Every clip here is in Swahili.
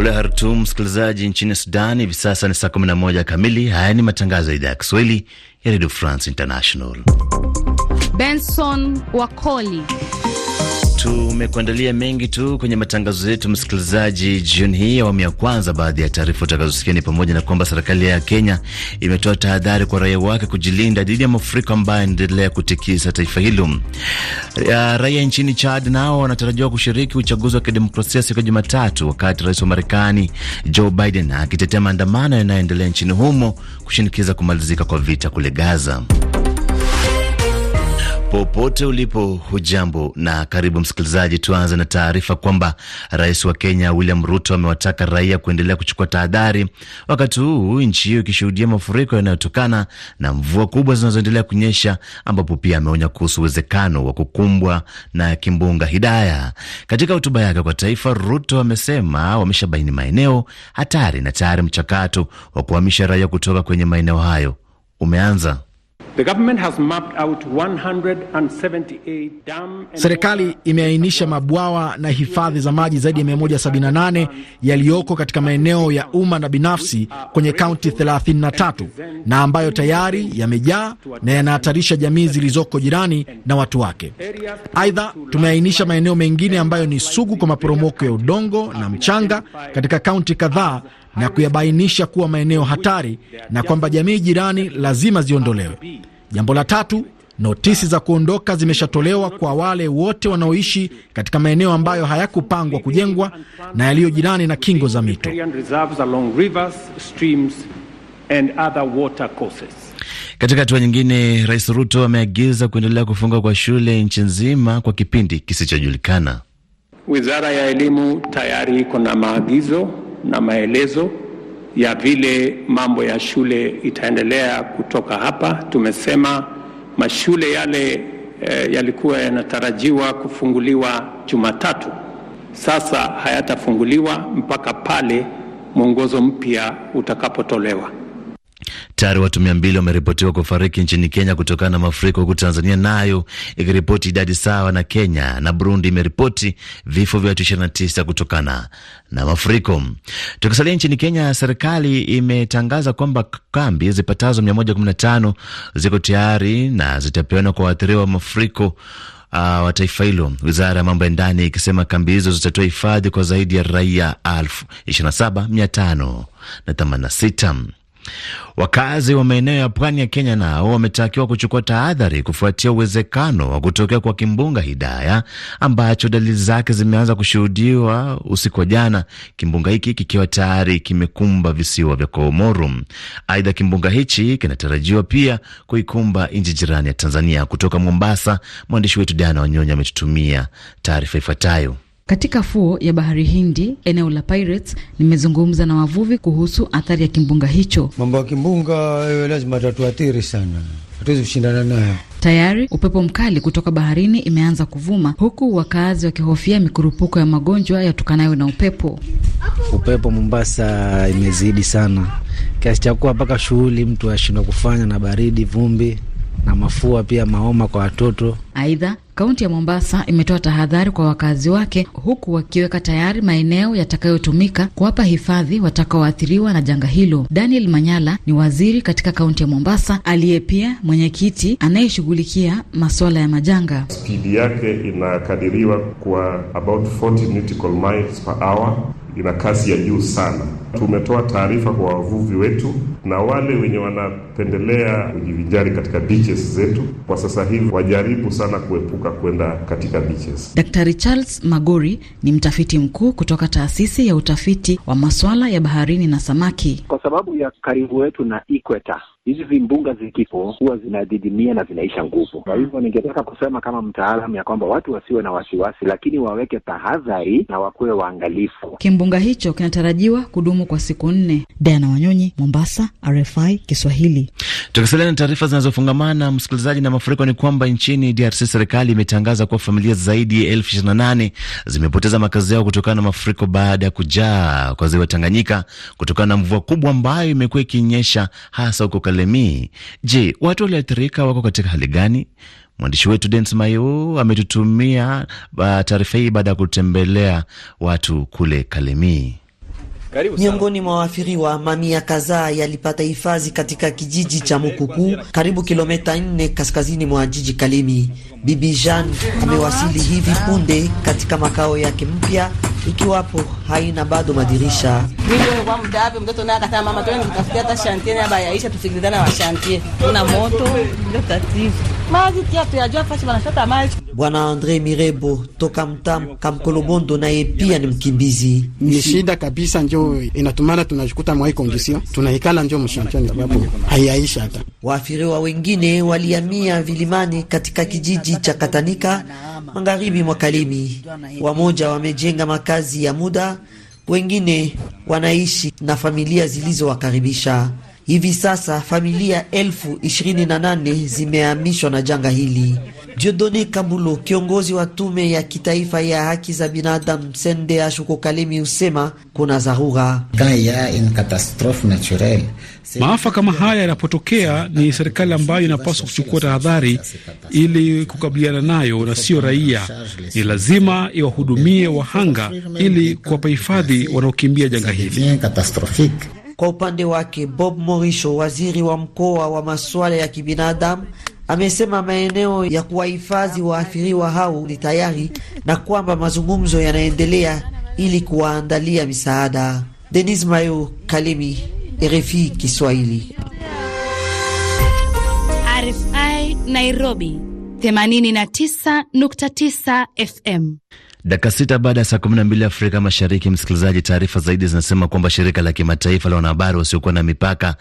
Kule Hartum, msikilizaji, nchini Sudan hivi sasa ni saa 11 kamili. Haya ni matangazo ya idhaa ya Kiswahili ya Redio France International. Benson Wakoli Tumekuandalia mengi tu kwenye matangazo yetu, msikilizaji, jioni hii, awamu ya kwanza. Baadhi ya taarifa utakazosikia ni pamoja na kwamba serikali ya Kenya imetoa tahadhari kwa raia wake kujilinda dhidi ya mafuriko ambayo yanaendelea kutikisa taifa hilo. Raia nchini Chad nao wanatarajiwa kushiriki uchaguzi wa kidemokrasia siku ya Jumatatu, wakati rais wa Marekani Joe Biden akitetea maandamano yanayoendelea nchini humo kushinikiza kumalizika kwa vita kule Gaza. Popote ulipo, hujambo na karibu msikilizaji. Tuanze na taarifa kwamba rais wa Kenya William Ruto amewataka raia kuendelea kuchukua tahadhari, wakati huu nchi hiyo ikishuhudia mafuriko yanayotokana na mvua kubwa zinazoendelea kunyesha, ambapo pia ameonya kuhusu uwezekano wa kukumbwa na kimbunga Hidaya. Katika hotuba yake kwa taifa, Ruto amesema wameshabaini maeneo hatari na tayari mchakato wa kuhamisha raia kutoka kwenye maeneo hayo umeanza. Serikali imeainisha mabwawa na hifadhi za maji zaidi ya 178 yaliyoko katika maeneo ya umma na binafsi kwenye kaunti 33 na ambayo tayari yamejaa na yanahatarisha jamii zilizoko jirani na watu wake. Aidha, tumeainisha maeneo mengine ambayo ni sugu kwa maporomoko ya udongo na mchanga katika kaunti kadhaa na kuyabainisha kuwa maeneo hatari na kwamba jamii jirani lazima ziondolewe. Jambo la tatu, notisi za kuondoka zimeshatolewa kwa wale wote wanaoishi katika maeneo ambayo hayakupangwa kujengwa na yaliyo jirani na kingo za mito. Katika hatua nyingine, Rais Ruto ameagiza kuendelea kufunga kwa shule nchi nzima kwa kipindi kisichojulikana. Wizara ya Elimu tayari iko na maagizo na maelezo ya vile mambo ya shule itaendelea kutoka hapa. Tumesema mashule yale e, yalikuwa yanatarajiwa kufunguliwa Jumatatu, sasa hayatafunguliwa mpaka pale mwongozo mpya utakapotolewa. Tayari watu mia mbili wameripotiwa kufariki nchini Kenya kutokana na mafuriko, huku Tanzania nayo ikiripoti idadi sawa na Kenya, na Burundi imeripoti vifo vya watu 29 kutokana na mafuriko. Tukisalia nchini Kenya, serikali imetangaza kwamba kambi zipatazo 115 ziko tayari na zitapeana kwa waathiriwa wa mafuriko Uh, wa taifa hilo, wizara ya mambo ya ndani ikisema kambi hizo zitatoa hifadhi kwa zaidi ya raia elfu ishirini na saba mia tano na themanini na sita. Wakazi wa maeneo ya pwani ya Kenya nao wametakiwa kuchukua tahadhari kufuatia uwezekano wa kutokea kwa kimbunga Hidaya ambacho dalili zake zimeanza kushuhudiwa usiku wa jana, kimbunga hiki kikiwa tayari kimekumba visiwa vya Komoro. Aidha, kimbunga hichi kinatarajiwa pia kuikumba nchi jirani ya Tanzania. Kutoka Mombasa, mwandishi wetu Diana Wanyonya ametutumia taarifa ifuatayo. Katika fuo ya bahari Hindi eneo la Pirates, nimezungumza na wavuvi kuhusu athari ya kimbunga hicho. Mambo ya kimbunga hiyo lazima tatuathiri sana, hatuwezi kushindana nayo. Tayari upepo mkali kutoka baharini imeanza kuvuma, huku wakazi wakihofia mikurupuko ya magonjwa yatokanayo na upepo. Upepo Mombasa imezidi sana kiasi cha kuwa mpaka shughuli mtu ashindwa kufanya, na baridi, vumbi na mafua pia maoma kwa watoto. Aidha, kaunti ya Mombasa imetoa tahadhari kwa wakazi wake, huku wakiweka tayari maeneo yatakayotumika kuwapa hifadhi watakaoathiriwa na janga hilo. Daniel Manyala ni waziri katika kaunti ya Mombasa aliye pia mwenyekiti anayeshughulikia masuala ya majanga. Spidi yake inakadiriwa kwa about 40 nautical miles per hour ina kasi ya juu sana. Tumetoa taarifa kwa wavuvi wetu na wale wenye wanapendelea kujivinjari katika beaches zetu, kwa sasa hivi wajaribu sana kuepuka kwenda katika beaches. Daktari Charles Magori ni mtafiti mkuu kutoka taasisi ya utafiti wa masuala ya baharini na samaki. Kwa sababu ya karibu wetu na ikweta, hizi vimbunga zikipo huwa zinadidimia na zinaisha nguvu. Kwa hmm. hivyo ningetaka kusema kama mtaalamu ya kwamba watu wasiwe na wasiwasi, lakini waweke tahadhari na wakuwe waangalifu. Kimbunga hicho kinatarajiwa kudumu kwa siku nne. Diana Wanyonyi, Mombasa, RFI Kiswahili. Tukisalia na taarifa zinazofungamana msikilizaji, na mafuriko ni kwamba nchini DRC serikali imetangaza kuwa familia zaidi ya elfu ishirini na nane zimepoteza makazi yao kutokana na mafuriko baada ya kujaa kwa ziwa Tanganyika kutokana na mvua kubwa ambayo imekuwa ikinyesha hasa huko Kalemie. Je, watu walioathirika wako katika hali gani? Mwandishi wetu Dens Mayo ametutumia uh, taarifa hii baada ya kutembelea watu kule Kalemie. Miongoni mwa waathiriwa, mamia kadhaa yalipata hifadhi katika kijiji cha Mukuku, karibu kilomita nne kaskazini mwa jiji Kalemi. Bibi Jean amewasili hivi punde katika makao yake mpya ikiwapo haina bado madirisha. Mtoto naye akataa, mama, twende tutafutia hata shantie haba yaisha, tufikiridana wa shantie, kuna moto ndio tatizo. Bwana Andre Mirebo toka mtam Kamkolobondo naye pia ni mkimbizi. Ni shida kabisa, njo inatumana tunajikuta mwa kondisio tunaikala njo mshantiani sababu haiyaisha. Hata waafiriwa wengine walihamia vilimani katika kijiji cha Katanika magharibi mwa Kalemi, wamoja wamejenga maka kazi ya muda, wengine wanaishi na familia zilizowakaribisha. Hivi sasa familia elfu ishirini na nane zimehamishwa na janga hili. Diodone Kambulo, kiongozi wa tume ya kitaifa ya haki za binadamu Sende Ashuko Kalemi, husema kuna dharura. Maafa kama haya yanapotokea, ni serikali ambayo inapaswa kuchukua tahadhari ili kukabiliana nayo na sio raia. Ni lazima iwahudumie wahanga ili kuwapa hifadhi wanaokimbia janga hili. Kwa upande wake Bob Morisho, waziri wa mkoa wa masuala ya kibinadamu, amesema maeneo ya kuwahifadhi waathiriwa hao ni tayari na kwamba mazungumzo yanaendelea ili kuwaandalia misaada. Denis Mayo, Kalemi, RFI Kiswahili. RFI Nairobi 89.9 FM. Dakika sita baada ya saa mbili Afrika Mashariki, msikilizaji, taarifa zaidi zinasema kwamba shirika la kimataifa la wanahabari wasiokuwa na mipaka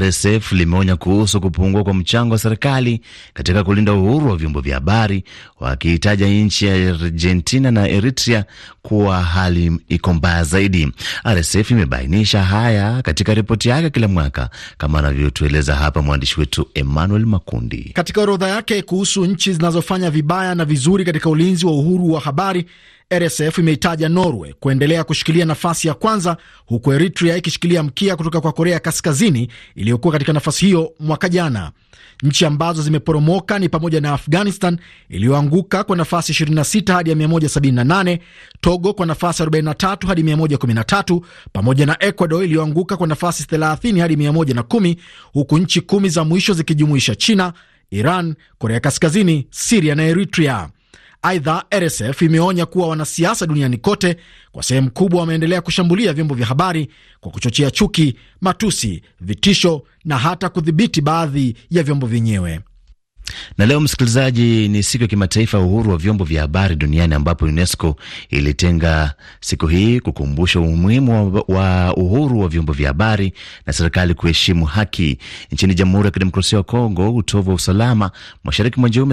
RSF limeonya kuhusu kupungua kwa mchango wa serikali katika kulinda uhuru wa vyombo vya habari, wakihitaja nchi ya Argentina na Eritrea kuwa hali iko mbaya zaidi. RSF imebainisha haya katika ripoti yake kila mwaka, kama anavyotueleza hapa mwandishi wetu Emmanuel Makundi. Katika orodha yake kuhusu nchi zinazofanya vibaya na vizuri katika ulinzi wa uhuru wa habari RSF imeitaja Norway kuendelea kushikilia nafasi ya kwanza, huku Eritrea ikishikilia mkia kutoka kwa Korea Kaskazini iliyokuwa katika nafasi hiyo mwaka jana. Nchi ambazo zimeporomoka ni pamoja na Afghanistan iliyoanguka kwa nafasi 26 hadi ya 178, Togo kwa nafasi 43 hadi 113, pamoja na Ecuador iliyoanguka kwa nafasi 30 hadi 110, huku nchi kumi za mwisho zikijumuisha China, Iran, Korea Kaskazini, Siria na Eritrea. Aidha, RSF imeonya kuwa wanasiasa duniani kote kwa sehemu kubwa wameendelea kushambulia vyombo vya habari kwa kuchochea chuki, matusi, vitisho na hata kudhibiti baadhi ya vyombo vyenyewe. Na leo msikilizaji, ni siku ya kimataifa ya uhuru wa vyombo vya habari duniani, ambapo UNESCO ilitenga siku hii kukumbusha umuhimu wa uhuru wa vyombo vya habari na serikali kuheshimu haki. Nchini Jamhuri ya Kidemokrasia ya Kongo, utovu wa usalama mashariki mwa nchi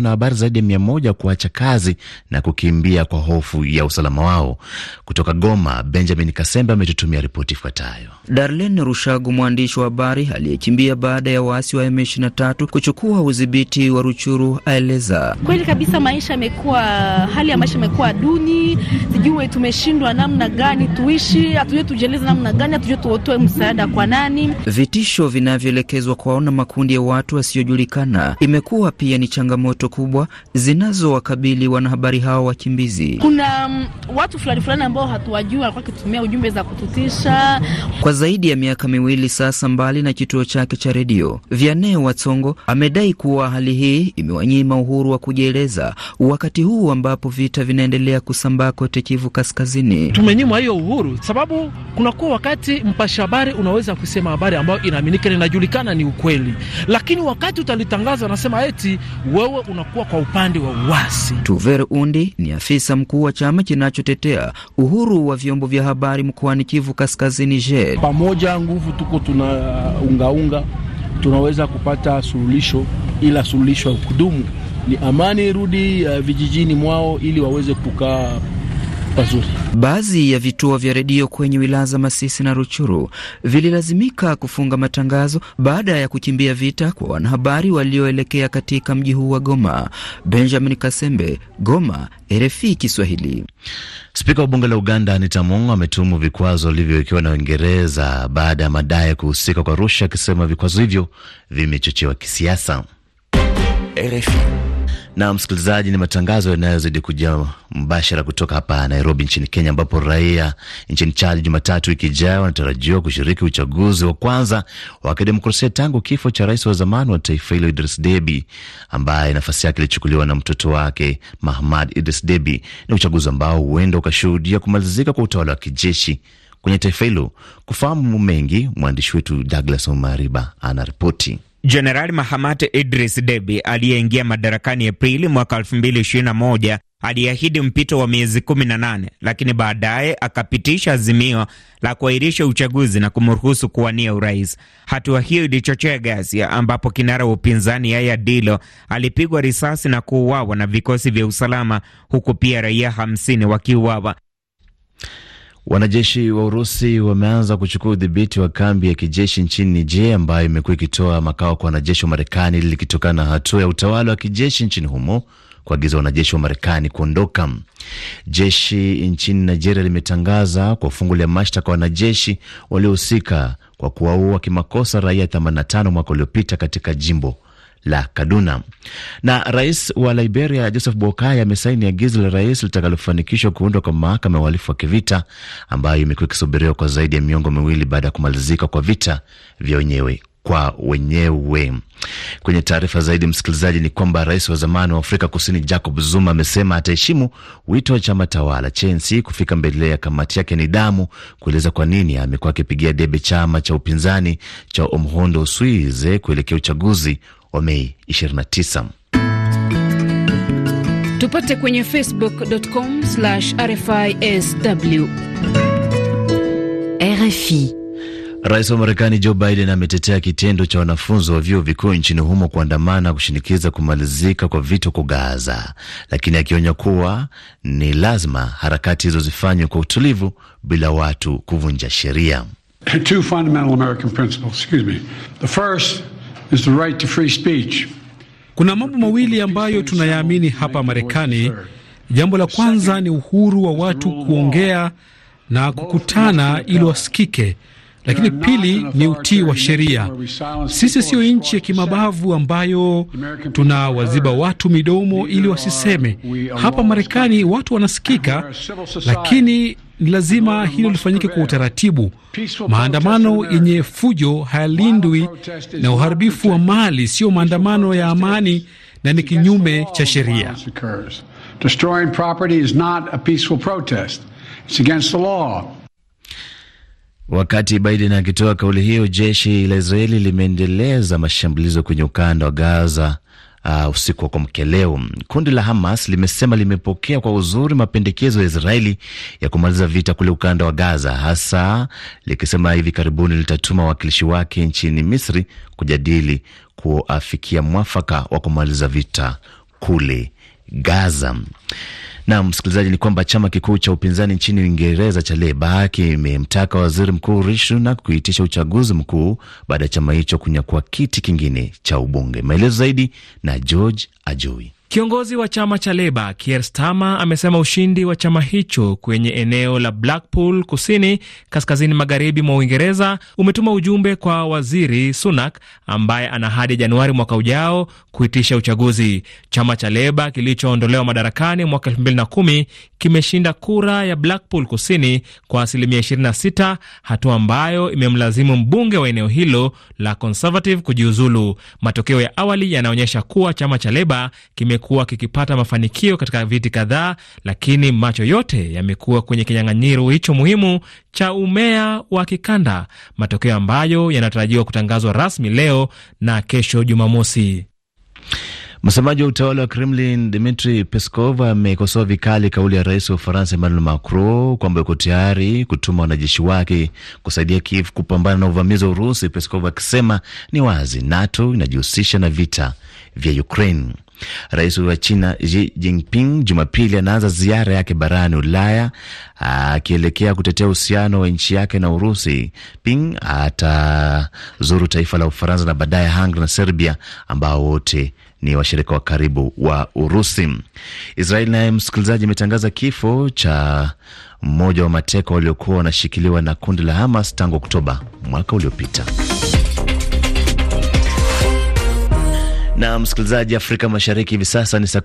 na habari zaidi ya mia moja kuacha kazi na kukimbia kwa hofu ya usalama wao. Kutoka Goma, Benjamin Kasembe ametutumia ripoti ifuatayo. Darlene Rushagu, mwandishi wa habari aliyekimbia baada ya waasi wa M23 kuchukua uzibi mdhibiti wa Ruchuru aeleza. Kweli kabisa, maisha amekuwa, hali ya maisha imekuwa duni, sijui tumeshindwa namna gani tuishi, hatujue tujieleze namna gani, hatujue tuotoe msaada kwa nani. Vitisho vinavyoelekezwa kwaona makundi ya watu wasiojulikana imekuwa pia ni changamoto kubwa zinazowakabili wanahabari hao wakimbizi. Kuna um, watu fulani fulani ambao hatuwajua walikuwa wakitumia ujumbe za kututisha kwa zaidi ya miaka miwili sasa. Mbali na kituo chake cha redio, Vianney Watsongo amedai kuwa hali hii imewanyima uhuru wa kujieleza wakati huu ambapo vita vinaendelea kusambaa kote Kivu Kaskazini. Tumenyimwa hiyo uhuru sababu kunakuwa wakati mpasha habari unaweza kusema habari ambayo inaaminika inajulikana ni ukweli, lakini wakati utalitangaza wanasema eti wewe unakuwa kwa upande wa uasi. tuver Undi ni afisa mkuu wa chama kinachotetea uhuru wa vyombo vya habari mkoani Kivu Kaskazini. Je, pamoja nguvu tuko tunaungaunga tunaweza kupata suluhisho, ila suluhisho ya kudumu ni amani irudi uh, vijijini mwao ili waweze kukaa pazuri. Baadhi ya vituo vya redio kwenye wilaya za Masisi na Ruchuru vililazimika kufunga matangazo baada ya kukimbia vita kwa wanahabari walioelekea katika mji huu wa Goma. Benjamin Kasembe, Goma, RFI Kiswahili. Spika wa bunge la Uganda Anita Mungo ametuhumu vikwazo vilivyowekewa na Uingereza baada ya madai ya kuhusika kwa Rusha, akisema vikwazo hivyo vimechochewa kisiasa. RFI na msikilizaji, ni matangazo yanayozidi kuja mbashara kutoka hapa Nairobi nchini Kenya, ambapo raia nchini Chad Jumatatu wiki ijayo wanatarajiwa kushiriki uchaguzi wa kwanza wa kidemokrasia tangu kifo cha rais wa zamani wa taifa hilo Idris Deby, ambaye nafasi yake ilichukuliwa na mtoto wake Mahamad Idris Deby. Ni uchaguzi ambao huenda ukashuhudia kumalizika kwa utawala wa kijeshi kwenye taifa hilo. Kufahamu mengi, mwandishi wetu Douglas Omariba anaripoti. Jenerali Mahamat Idris Debi aliyeingia madarakani Aprili mwaka 2021 aliahidi mpito wa miezi 18 lakini baadaye akapitisha azimio la kuahirisha uchaguzi na kumruhusu kuwania urais. Hatua hiyo ilichochea ghasia, ambapo kinara wa upinzani Yaya Dilo alipigwa risasi na kuuawa na vikosi vya usalama, huku pia raia 50 wakiuawa. Wanajeshi wa Urusi wameanza kuchukua udhibiti wa kambi ya kijeshi nchini Niger ambayo imekuwa ikitoa makao kwa wanajeshi wa Marekani likitokana na hatua ya utawala wa kijeshi nchini humo kuagiza wanajeshi wa Marekani kuondoka. Jeshi nchini Nigeria limetangaza kuwafungulia mashtaka wanajeshi waliohusika kwa kuwaua kimakosa raia 85 mwaka uliopita katika jimbo la Kaduna. Na rais wa Liberia Joseph Boakai amesaini agizo la rais litakalofanikishwa kuundwa kwa mahakama ya uhalifu wa kivita ambayo imekuwa ikisubiriwa kwa zaidi ya miongo miwili baada ya kumalizika kwa vita vya wenyewe kwa wenyewe. Kwenye taarifa zaidi, msikilizaji, ni kwamba rais wa zamani wa Afrika Kusini Jacob Zuma amesema ataheshimu wito wa chama tawala CHANC kufika mbele ya kamati yake nidhamu kueleza kwa nini amekuwa akipigia debe chama cha upinzani cha Umkhonto Swize kuelekea uchaguzi wa Mei 29. Tupate kwenye facebook.com rfisw. RFI. Rais wa Marekani Joe Biden ametetea kitendo cha wanafunzi wa vyuo vikuu nchini humo kuandamana kushinikiza kumalizika kwa vita huko Gaza, lakini akionya kuwa ni lazima harakati hizo zifanywe kwa utulivu bila watu kuvunja sheria is the right to free speech. Kuna mambo mawili ambayo tunayaamini hapa Marekani. Jambo la kwanza ni uhuru wa watu kuongea na kukutana ili wasikike, lakini pili ni utii wa sheria. Sisi siyo nchi ya kimabavu ambayo tunawaziba watu midomo ili wasiseme. Hapa Marekani watu wanasikika, lakini lazima hilo lifanyike kwa utaratibu. Maandamano yenye fujo hayalindwi, na uharibifu wa mali sio maandamano ya amani na ni kinyume cha sheria. Wakati Biden akitoa kauli hiyo, jeshi la Israeli limeendeleza mashambulizo kwenye ukanda wa Gaza uh, usiku wa kuamkia leo. Kundi la Hamas limesema limepokea kwa uzuri mapendekezo ya Israeli ya kumaliza vita kule ukanda wa Gaza, hasa likisema hivi karibuni litatuma wawakilishi wake nchini Misri kujadili kuafikia mwafaka wa kumaliza vita kule Gaza. Na msikilizaji, ni kwamba chama kikuu cha upinzani nchini Uingereza cha Leba kimemtaka waziri mkuu Rishi Sunak kuitisha uchaguzi mkuu baada ya chama hicho kunyakua kiti kingine cha ubunge. Maelezo zaidi na George Ajoi. Kiongozi wa chama cha Leba Kier Stama amesema ushindi wa chama hicho kwenye eneo la Blackpool kusini kaskazini magharibi mwa Uingereza umetuma ujumbe kwa waziri Sunak ambaye ana hadi Januari mwaka ujao kuitisha uchaguzi. Chama cha Leba kilichoondolewa madarakani mwaka 2010 kimeshinda kura ya Blackpool kusini kwa asilimia 26, hatua ambayo imemlazimu mbunge wa eneo hilo la Conservative kujiuzulu. Matokeo ya awali yanaonyesha kuwa chama cha Leba kime kimekuwa kikipata mafanikio katika viti kadhaa, lakini macho yote yamekuwa kwenye kinyang'anyiro hicho muhimu cha umea wa kikanda, matokeo ambayo yanatarajiwa kutangazwa rasmi leo na kesho Jumamosi. Msemaji wa utawala wa Kremlin Dmitri Peskov amekosoa vikali kauli ya rais wa Ufaransa Emmanuel Macron kwamba yuko tayari kutuma wanajeshi wake kusaidia Kiev kupambana na uvamizi wa Urusi, Peskov akisema ni wazi NATO inajihusisha na vita vya Ukraine. Rais wa China Xi Jinping Jumapili anaanza ziara yake barani Ulaya akielekea kutetea uhusiano wa nchi yake na Urusi. Ping atazuru taifa la Ufaransa na baadaye Hungary na Serbia ambao wote ni washirika wa karibu wa Urusi. Israeli naye, msikilizaji, imetangaza kifo cha mmoja wa mateka waliokuwa wanashikiliwa na kundi la Hamas tangu Oktoba mwaka uliopita. Na msikilizaji, Afrika Mashariki hivi sasa ni saa